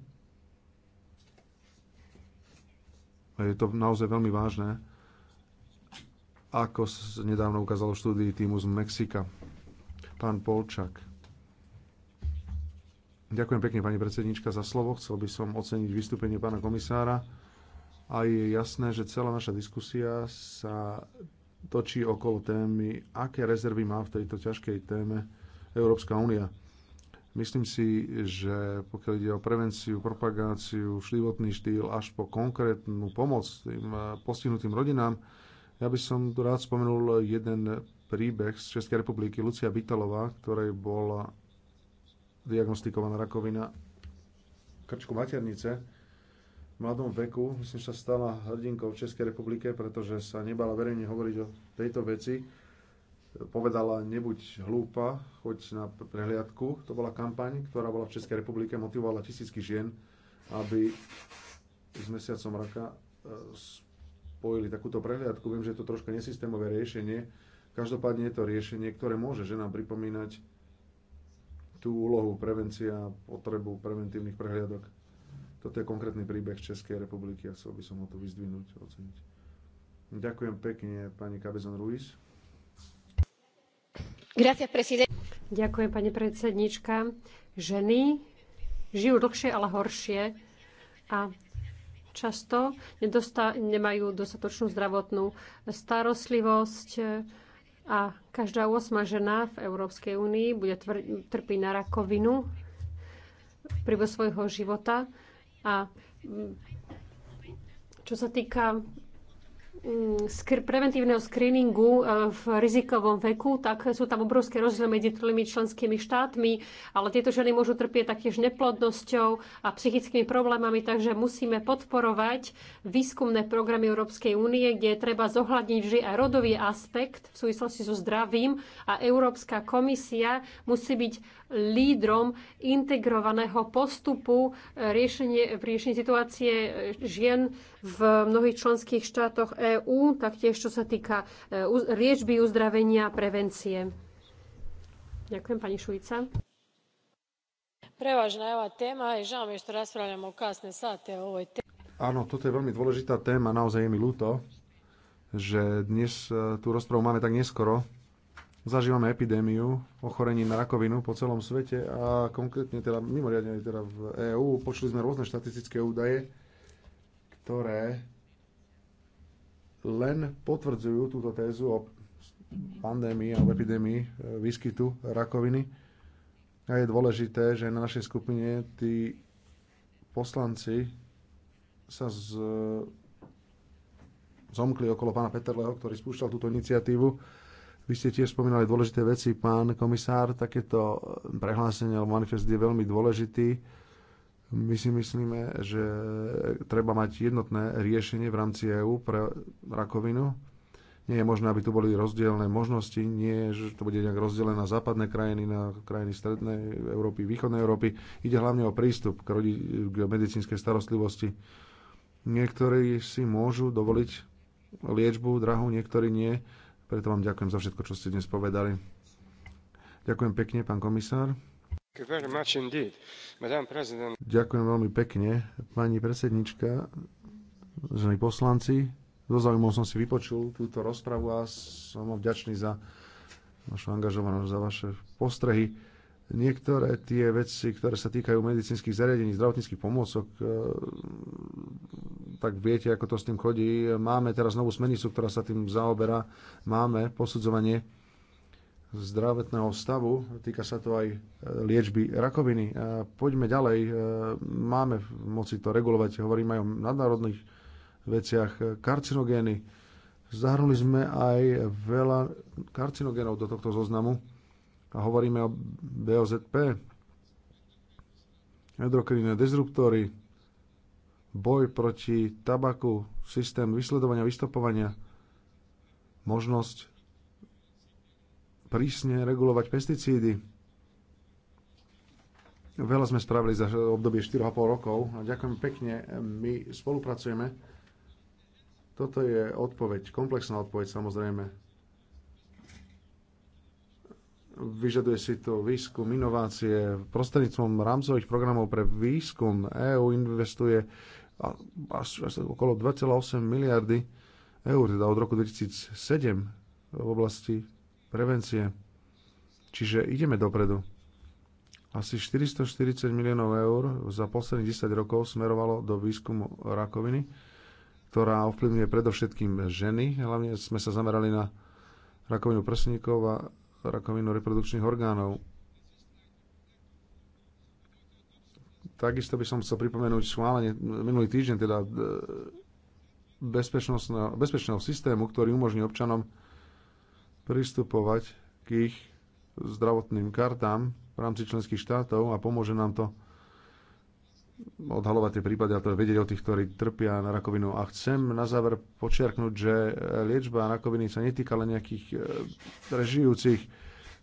A je to naozaj veľmi vážne, ako nedávno ukázalo v štúdii týmu z Mexika. Pán Polčak. Ďakujem pekne, pani predsednička, za slovo. Chcel by som oceniť vystúpenie pána komisára. A je jasné, že celá naša diskusia sa točí okolo témy, aké rezervy má v tejto ťažkej téme Európska únia. Myslím si, že pokiaľ ide o prevenciu, propagáciu, životný štýl až po konkrétnu pomoc tým eh, postihnutým rodinám, ja by som tu rád spomenul jeden príbeh z Českej republiky Lucia Bitalová, ktorej bola diagnostikovaná rakovina krčku maternice. V mladom veku, myslím, sa stala hrdinkou v Českej republike, pretože sa nebala verejne hovoriť o tejto veci. Povedala, nebuď hlúpa, choď na prehliadku. To bola kampaň, ktorá bola v Českej republike, motivovala tisícky žien, aby s mesiacom raka e, spojili takúto prehliadku. Viem, že je to troška nesystémové riešenie. Každopádne je to riešenie, ktoré môže ženám pripomínať tú úlohu prevencia, potrebu preventívnych prehliadok. Toto je konkrétny príbeh Českej republiky a chcel by som ho tu vyzdvihnúť, oceniť. Ďakujem pekne, pani Cabezon Ruiz. Ďakujem, pani predsednička. Ženy žijú dlhšie, ale horšie a často nedosta- nemajú dostatočnú zdravotnú starostlivosť a každá 8 žena v Európskej únii bude trpiť na rakovinu príbehu svojho života. A mm, čo sa týka Mm, skr- preventívneho screeningu e, v rizikovom veku, tak sú tam obrovské rozdiely medzi tými členskými štátmi, ale tieto ženy môžu trpieť taktiež neplodnosťou a psychickými problémami, takže musíme podporovať výskumné programy Európskej únie, kde je treba zohľadniť vždy aj rodový aspekt v súvislosti so zdravím a Európska komisia musí byť lídrom integrovaného postupu e, riešenie, riešenie situácie e, žien v mnohých členských štátoch EÚ, taktiež čo sa týka e, liečby, uzdravenia a prevencie. Ďakujem, pani Šujca. Prevažná je téma je žao mi što raspravljamo u o ovoj téme. Áno, toto je veľmi dôležitá téma, naozaj je mi ľúto, že dnes tú rozpravu máme tak neskoro, Zažívame epidémiu ochorení na rakovinu po celom svete a konkrétne teda mimoriadne teda v EÚ počuli sme rôzne štatistické údaje, ktoré len potvrdzujú túto tézu o pandémii alebo epidémii e, výskytu rakoviny. A je dôležité, že na našej skupine tí poslanci sa z, zomkli okolo pána Peterleho, ktorý spúšťal túto iniciatívu vy ste tiež spomínali dôležité veci, pán komisár, takéto prehlásenie alebo manifest je veľmi dôležitý. My si myslíme, že treba mať jednotné riešenie v rámci EÚ pre rakovinu. Nie je možné, aby tu boli rozdielne možnosti, nie, že to bude nejak rozdelené na západné krajiny, na krajiny strednej Európy, východnej Európy. Ide hlavne o prístup k, rodi- k medicínskej starostlivosti. Niektorí si môžu dovoliť liečbu drahú, niektorí nie preto vám ďakujem za všetko, čo ste dnes povedali. Ďakujem pekne, pán komisár. Ďakujem veľmi pekne, pani predsednička, žení poslanci. So zaujímavom som si vypočul túto rozpravu a som vďačný za vašu angažovanosť, za vaše postrehy. Niektoré tie veci, ktoré sa týkajú medicínskych zariadení, zdravotníckých pomôcok, e, tak viete, ako to s tým chodí. Máme teraz novú smernicu, ktorá sa tým zaoberá. Máme posudzovanie zdravotného stavu, týka sa to aj e, liečby rakoviny. E, poďme ďalej, máme v moci to regulovať, Hovorím aj o nadnárodných veciach, karcinogény. Zahrnuli sme aj veľa karcinogénov do tohto zoznamu a hovoríme o BOZP, endokrinné disruptory, boj proti tabaku, systém vysledovania, vystopovania, možnosť prísne regulovať pesticídy. Veľa sme spravili za obdobie 4,5 rokov a ďakujem pekne, my spolupracujeme. Toto je odpoveď, komplexná odpoveď samozrejme. Vyžaduje si to výskum, inovácie. Prostredníctvom rámcových programov pre výskum EÚ investuje až, až okolo 2,8 miliardy eur, teda od roku 2007 v oblasti prevencie. Čiže ideme dopredu. Asi 440 miliónov eur za posledných 10 rokov smerovalo do výskumu rakoviny, ktorá ovplyvňuje predovšetkým ženy. Hlavne sme sa zamerali na rakovinu prsníkov a rakovinu reprodukčných orgánov. Takisto by som chcel pripomenúť schválenie minulý týždeň teda e, bezpečného systému, ktorý umožní občanom pristupovať k ich zdravotným kartám v rámci členských štátov a pomôže nám to odhalovať tie prípady ale teda vedieť o tých, ktorí trpia na rakovinu. A chcem na záver počiarknúť, že liečba rakoviny sa netýka len nejakých prežijúcich. Teda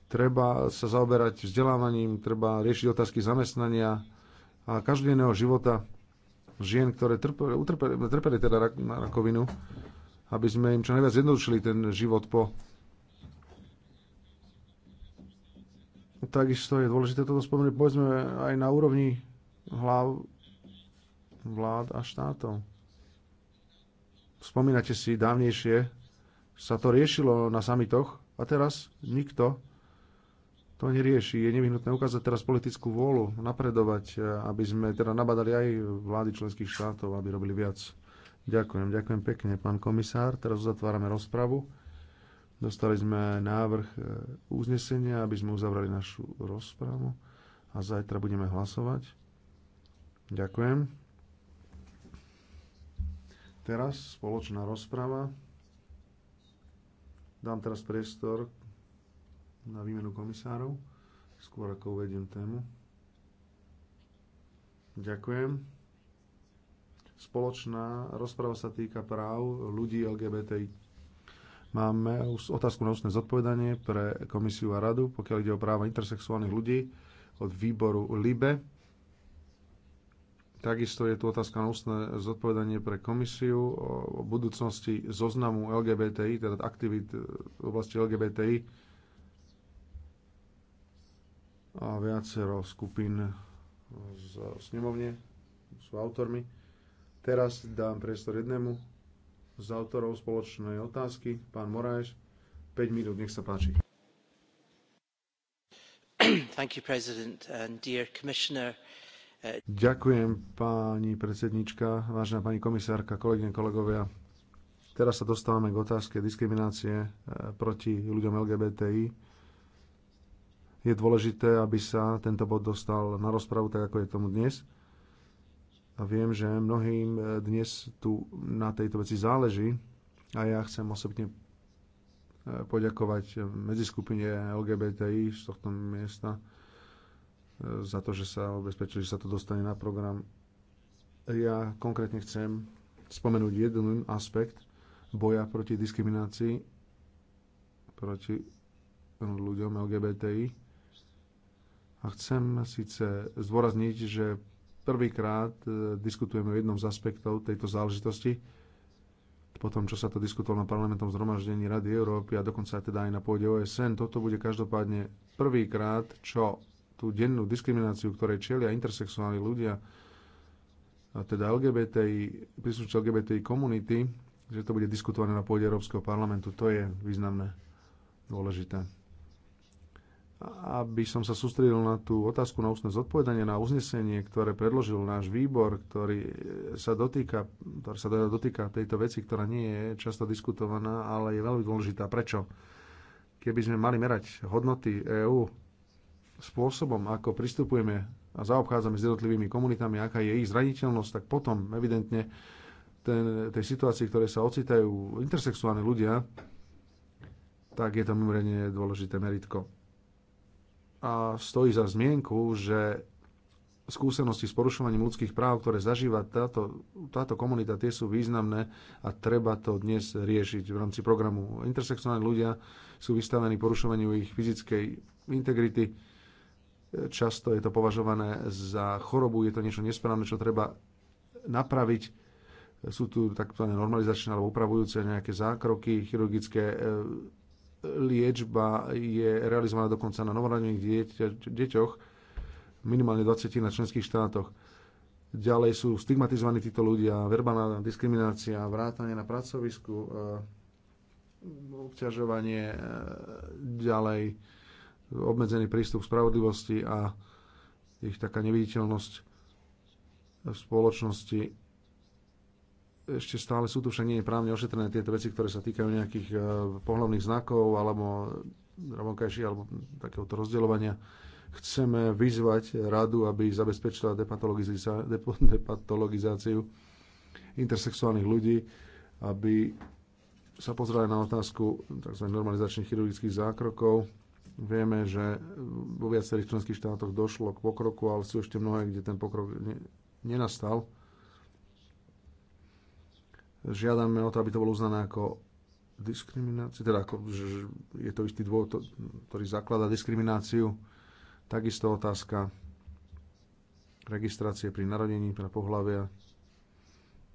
treba sa zaoberať vzdelávaním, treba riešiť otázky zamestnania a každodenného života žien, ktoré trpeli, utrpeli, trpeli teda rak, na rakovinu, aby sme im čo najviac zjednodušili ten život po Takisto je dôležité toto spomenúť, povedzme, aj na úrovni hlav vlád a štátov. Spomínate si, dávnejšie sa to riešilo na samitoch a teraz nikto to nerieši. Je nevyhnutné ukázať teraz politickú vôľu, napredovať, e, aby sme teda nabadali aj vlády členských štátov, aby robili viac. Ďakujem, ďakujem pekne, pán komisár. Teraz uzatvárame rozpravu. Dostali sme návrh e, uznesenia, aby sme uzavrali našu rozpravu a zajtra budeme hlasovať. Ďakujem. Teraz spoločná rozprava. Dám teraz priestor na výmenu komisárov, skôr ako uvediem tému. Ďakujem. Spoločná rozprava sa týka práv ľudí LGBTI. Máme otázku na ústne zodpovedanie pre komisiu a radu, pokiaľ ide o práva intersexuálnych ľudí od výboru LIBE Takisto je tu otázka na ústne zodpovedanie pre komisiu o budúcnosti zoznamu LGBTI, teda aktivít e, v oblasti LGBTI a viacero skupín z snemovne sú autormi. Teraz dám priestor jednému z autorov spoločnej otázky, pán Moráš. 5 minút, nech sa páči. Thank you, President and dear Commissioner. Ďakujem, pani predsednička, vážená pani komisárka, kolegyne, kolegovia. Teraz sa dostávame k otázke diskriminácie eh, proti ľuďom LGBTI. Je dôležité, aby sa tento bod dostal na rozpravu, tak ako je tomu dnes. A viem, že mnohým eh, dnes tu na tejto veci záleží a ja chcem osobne eh, poďakovať medziskupine LGBTI z tohto miesta za to, že sa obezpečili, že sa to dostane na program. Ja konkrétne chcem spomenúť jeden aspekt boja proti diskriminácii proti ľuďom LGBTI. A chcem síce zdôrazniť, že prvýkrát e, diskutujeme o jednom z aspektov tejto záležitosti, po tom, čo sa to diskutovalo na parlamentom zhromaždení Rady Európy a dokonca aj teda aj na pôde OSN. Toto bude každopádne prvýkrát, čo tú dennú diskrimináciu, ktorej čelia intersexuálni ľudia, a teda LGBTI, príslušť LGBTI komunity, že to bude diskutované na pôde Európskeho parlamentu. To je významné, dôležité. Aby som sa sústredil na tú otázku na ústne zodpovedanie, na uznesenie, ktoré predložil náš výbor, ktorý sa dotýka, ktorý sa teda dotýka tejto veci, ktorá nie je často diskutovaná, ale je veľmi dôležitá. Prečo? Keby sme mali merať hodnoty EÚ, spôsobom, ako pristupujeme a zaobchádzame s jednotlivými komunitami, aká je ich zraniteľnosť, tak potom evidentne ten, tej situácii, ktoré sa ocitajú intersexuálne ľudia, tak je to mimoriadne dôležité meritko. A stojí za zmienku, že skúsenosti s porušovaním ľudských práv, ktoré zažíva táto, táto komunita, tie sú významné a treba to dnes riešiť v rámci programu. Intersexuálni ľudia sú vystavení porušovaniu ich fyzickej integrity, Často je to považované za chorobu, je to niečo nesprávne, čo treba napraviť. Sú tu takzvané normalizačné alebo upravujúce nejaké zákroky chirurgické. E, liečba je realizovaná dokonca na novorodených deťoch, minimálne 20 na členských štátoch. Ďalej sú stigmatizovaní títo ľudia, verbálna diskriminácia, vrátanie na pracovisku, e, obťažovanie, e, ďalej obmedzený prístup k spravodlivosti a ich taká neviditeľnosť v spoločnosti. Ešte stále sú tu však nie právne ošetrené tieto veci, ktoré sa týkajú nejakých e, pohľavných znakov alebo vonkajších alebo takéhoto rozdeľovania. Chceme vyzvať radu, aby zabezpečila depatologizáciu intersexuálnych ľudí, aby sa pozerali na otázku tzv. normalizačných chirurgických zákrokov, Vieme, že vo viacerých členských štátoch došlo k pokroku, ale sú ešte mnohé, kde ten pokrok nenastal. Žiadame o to, aby to bolo uznané ako diskriminácia, teda ako, že je to istý dôvod, ktorý zaklada diskrimináciu. Takisto otázka registrácie pri narodení, pre pohľavia.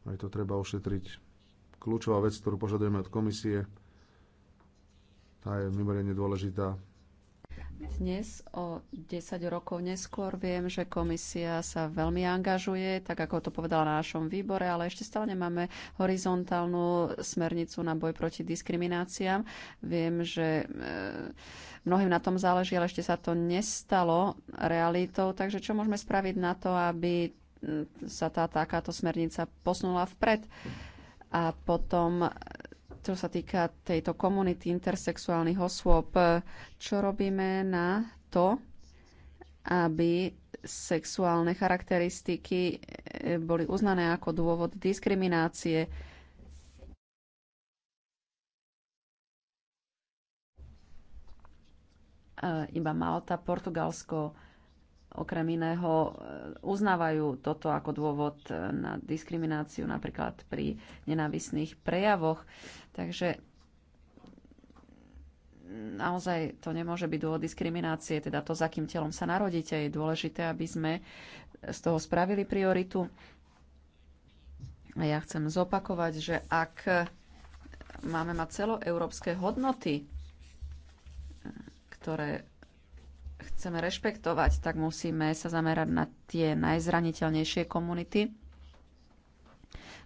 Aj to treba ošetriť. Kľúčová vec, ktorú požadujeme od komisie, tá je mimoriadne dôležitá. Dnes o 10 rokov neskôr viem, že komisia sa veľmi angažuje, tak ako to povedala na našom výbore, ale ešte stále nemáme horizontálnu smernicu na boj proti diskrimináciám. Viem, že e, mnohým na tom záleží, ale ešte sa to nestalo realitou, takže čo môžeme spraviť na to, aby sa tá takáto smernica posunula vpred? A potom čo sa týka tejto komunity intersexuálnych osôb, čo robíme na to, aby sexuálne charakteristiky e, boli uznané ako dôvod diskriminácie. Iba Malta, Portugalsko okrem iného e, uznávajú toto ako dôvod e, na diskrimináciu napríklad pri nenávisných prejavoch. Takže naozaj to nemôže byť dôvod diskriminácie, teda to, za kým telom sa narodíte. Je dôležité, aby sme z toho spravili prioritu. A ja chcem zopakovať, že ak máme mať celoeurópske hodnoty, ktoré chceme rešpektovať, tak musíme sa zamerať na tie najzraniteľnejšie komunity.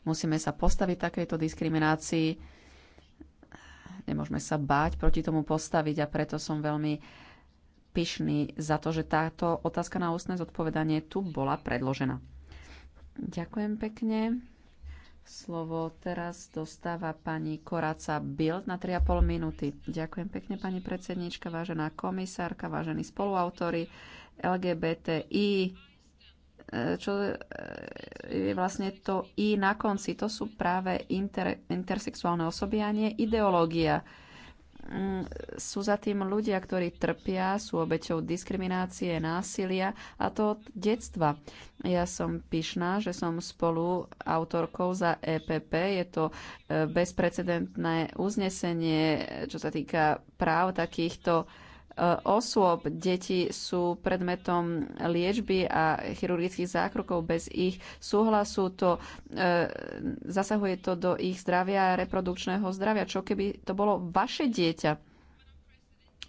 Musíme sa postaviť takejto diskriminácii Nemôžeme sa báť proti tomu postaviť a preto som veľmi pyšný za to, že táto otázka na ústne zodpovedanie tu bola predložená. Ďakujem pekne. Slovo teraz dostáva pani Koraca Bild na 3,5 minúty. Ďakujem pekne, pani predsednička, vážená komisárka, vážení spoluautori. LGBTI čo e, je vlastne to I na konci. To sú práve inter, intersexuálne osoby a nie ideológia. Mm, sú za tým ľudia, ktorí trpia, sú obeťou diskriminácie, násilia a to od detstva. Ja som pyšná, že som spolu autorkou za EPP. Je to e, bezprecedentné uznesenie, čo sa týka práv takýchto osôb. Deti sú predmetom liečby a chirurgických zákrokov bez ich súhlasu. To e, zasahuje to do ich zdravia a reprodukčného zdravia. Čo keby to bolo vaše dieťa?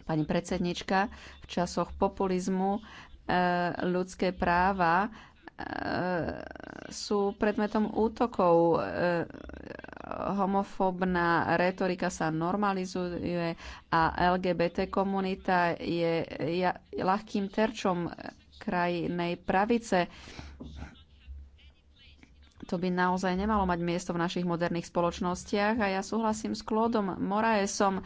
Pani predsednička, v časoch populizmu e, ľudské práva E, sú predmetom útokov. E, Homofóbna retorika sa normalizuje a LGBT komunita je ľahkým terčom krajnej pravice. To by naozaj nemalo mať miesto v našich moderných spoločnostiach a ja súhlasím s Klódom Moraesom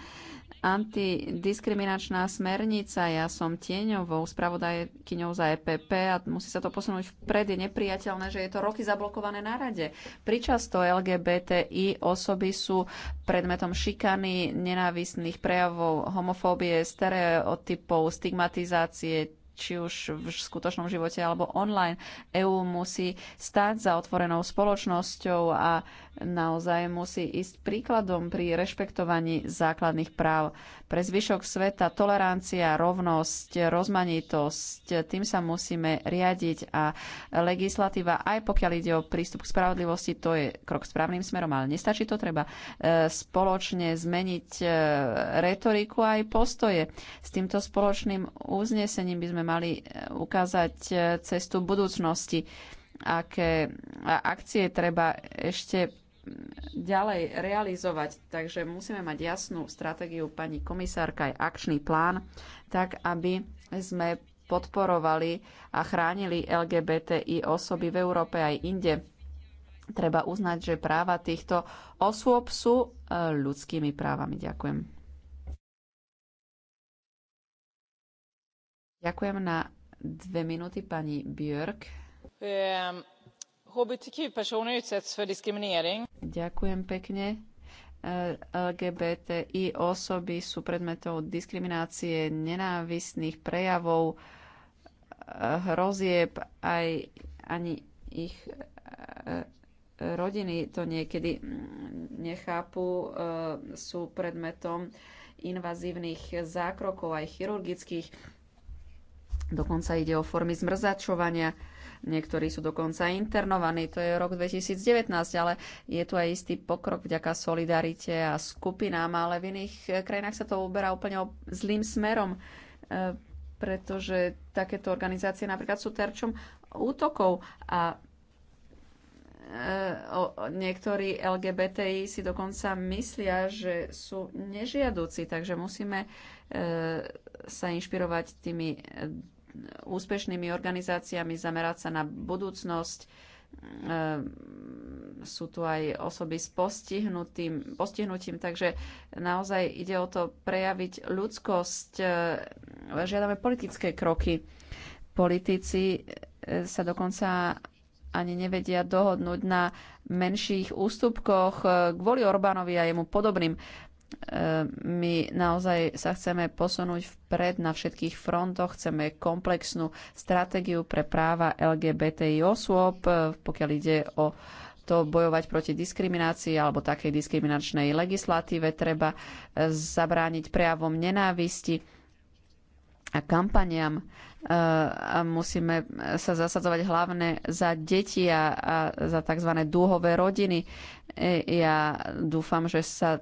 antidiskriminačná smernica. Ja som tieňovou spravodajkyňou za EPP a musí sa to posunúť vpred. Je nepriateľné, že je to roky zablokované na rade. Pričasto LGBTI osoby sú predmetom šikany, nenávistných prejavov, homofóbie, stereotypov, stigmatizácie, či už v skutočnom živote alebo online. EÚ musí stať za otvorenou spoločnosťou a naozaj musí ísť príkladom pri rešpektovaní základných práv. Pre zvyšok sveta tolerancia, rovnosť, rozmanitosť, tým sa musíme riadiť a legislatíva, aj pokiaľ ide o prístup k spravodlivosti, to je krok správnym smerom, ale nestačí to, treba e, spoločne zmeniť e, retoriku aj postoje. S týmto spoločným uznesením by sme mali e, ukázať e, cestu budúcnosti, aké akcie treba ešte ďalej realizovať. Takže musíme mať jasnú stratégiu pani komisárka aj akčný plán, tak aby sme podporovali a chránili LGBTI osoby v Európe aj inde. Treba uznať, že práva týchto osôb sú e, ľudskými právami. Ďakujem. Ďakujem na dve minúty pani Björk. Ehm, Ďakujem pekne. Eh, LGBTI osoby sú predmetom diskriminácie, nenávisných prejavov, eh, hrozieb, aj ani ich eh, rodiny to niekedy mm, nechápu, sú predmetom invazívnych zákrokov, aj chirurgických Dokonca ide o formy zmrzačovania, niektorí sú dokonca internovaní, to je rok 2019, ale je tu aj istý pokrok vďaka solidarite a skupinám, ale v iných krajinách sa to uberá úplne zlým smerom, e, pretože takéto organizácie napríklad sú terčom útokov a e, niektorí LGBTI si dokonca myslia, že sú nežiaduci, takže musíme e, sa inšpirovať tými eh, úspešnými organizáciami, zamerať sa na budúcnosť. Eh, sú tu aj osoby s postihnutým, postihnutím, takže naozaj ide o to prejaviť ľudskosť. Eh, žiadame politické kroky. Politici sa dokonca ani nevedia dohodnúť na menších ústupkoch kvôli Orbánovi a jemu podobným. Ehm, my naozaj sa chceme posunúť vpred na všetkých frontoch, chceme komplexnú stratégiu pre práva LGBTI osôb, e, pokiaľ ide o to bojovať proti diskriminácii alebo takej diskriminačnej legislatíve. Treba e, zabrániť prejavom nenávisti a kampaniam. E, a musíme sa zasadzovať hlavne za deti a, a za tzv. dúhové rodiny. E, ja dúfam, že sa e,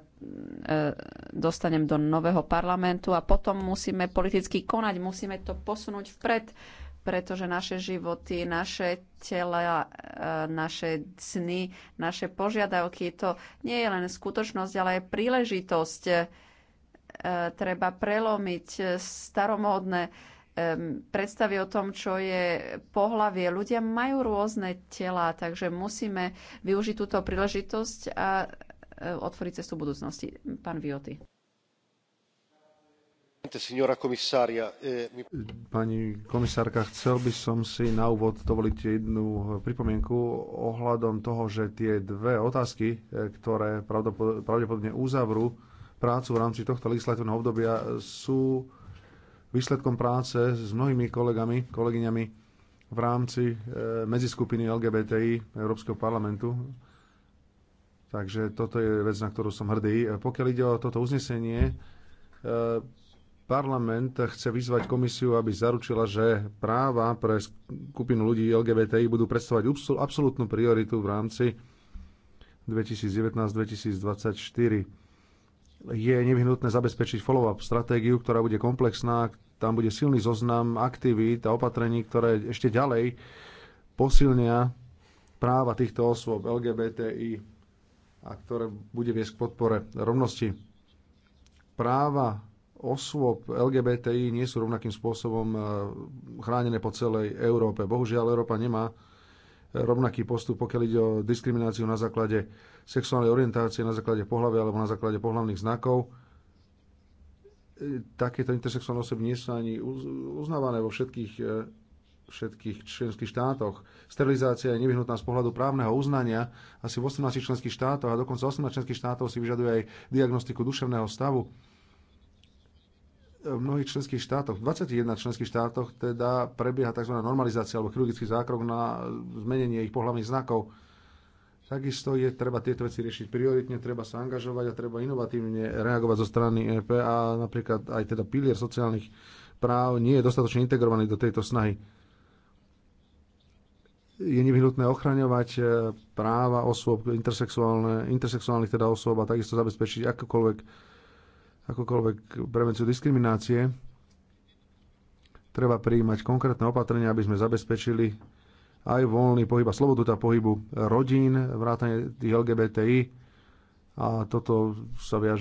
dostanem do nového parlamentu a potom musíme politicky konať, musíme to posunúť vpred, pretože naše životy, naše tela, e, naše sny, naše požiadavky, to nie je len skutočnosť, ale aj príležitosť. Treba prelomiť staromódne predstavy o tom, čo je pohlavie. Ľudia majú rôzne tela, takže musíme využiť túto príležitosť a e, otvoriť cestu budúcnosti. Pán Vioty. E, Pani komisárka, chcel by som si na úvod dovoliť jednu pripomienku ohľadom toho, že tie dve otázky, e, ktoré pravdepodobne uzavrú prácu v rámci tohto legislatívneho obdobia, sú výsledkom práce s mnohými kolegami, kolegyňami v rámci e, medziskupiny LGBTI Európskeho parlamentu. Takže toto je vec, na ktorú som hrdý. E, pokiaľ ide o toto uznesenie, e, parlament chce vyzvať komisiu, aby zaručila, že práva pre skupinu ľudí LGBTI budú predstavovať absolútnu prioritu v rámci 2019-2024 je nevyhnutné zabezpečiť follow-up stratégiu, ktorá bude komplexná, tam bude silný zoznam aktivít a opatrení, ktoré ešte ďalej posilnia práva týchto osôb LGBTI a ktoré bude viesť k podpore rovnosti. Práva osôb LGBTI nie sú rovnakým spôsobom eh, chránené po celej Európe. Bohužiaľ, Európa nemá rovnaký postup, pokiaľ ide o diskrimináciu na základe sexuálnej orientácie, na základe pohľavy alebo na základe pohľavných znakov. E, takéto intersexuálne osoby nie sú ani uznávané vo všetkých, e, všetkých členských štátoch. Sterilizácia je nevyhnutná z pohľadu právneho uznania asi v 18 členských štátoch a dokonca 18 členských štátov si vyžaduje aj diagnostiku duševného stavu v mnohých členských štátoch, 21 členských štátoch teda prebieha tzv. normalizácia alebo chirurgický zákrok na zmenenie ich pohľavných znakov. Takisto je treba tieto veci riešiť prioritne, treba sa angažovať a treba inovatívne reagovať zo strany EP a napríklad aj teda pilier sociálnych práv nie je dostatočne integrovaný do tejto snahy. Je nevyhnutné ochraňovať e, práva osôb, intersexuálne, intersexuálnych teda osôb a takisto zabezpečiť akúkoľvek Akokoľvek prevenciu diskriminácie, treba prijímať konkrétne opatrenia, aby sme zabezpečili aj voľný pohyb a slobodu tá teda pohybu rodín, vrátane tých LGBTI. A toto sa viaže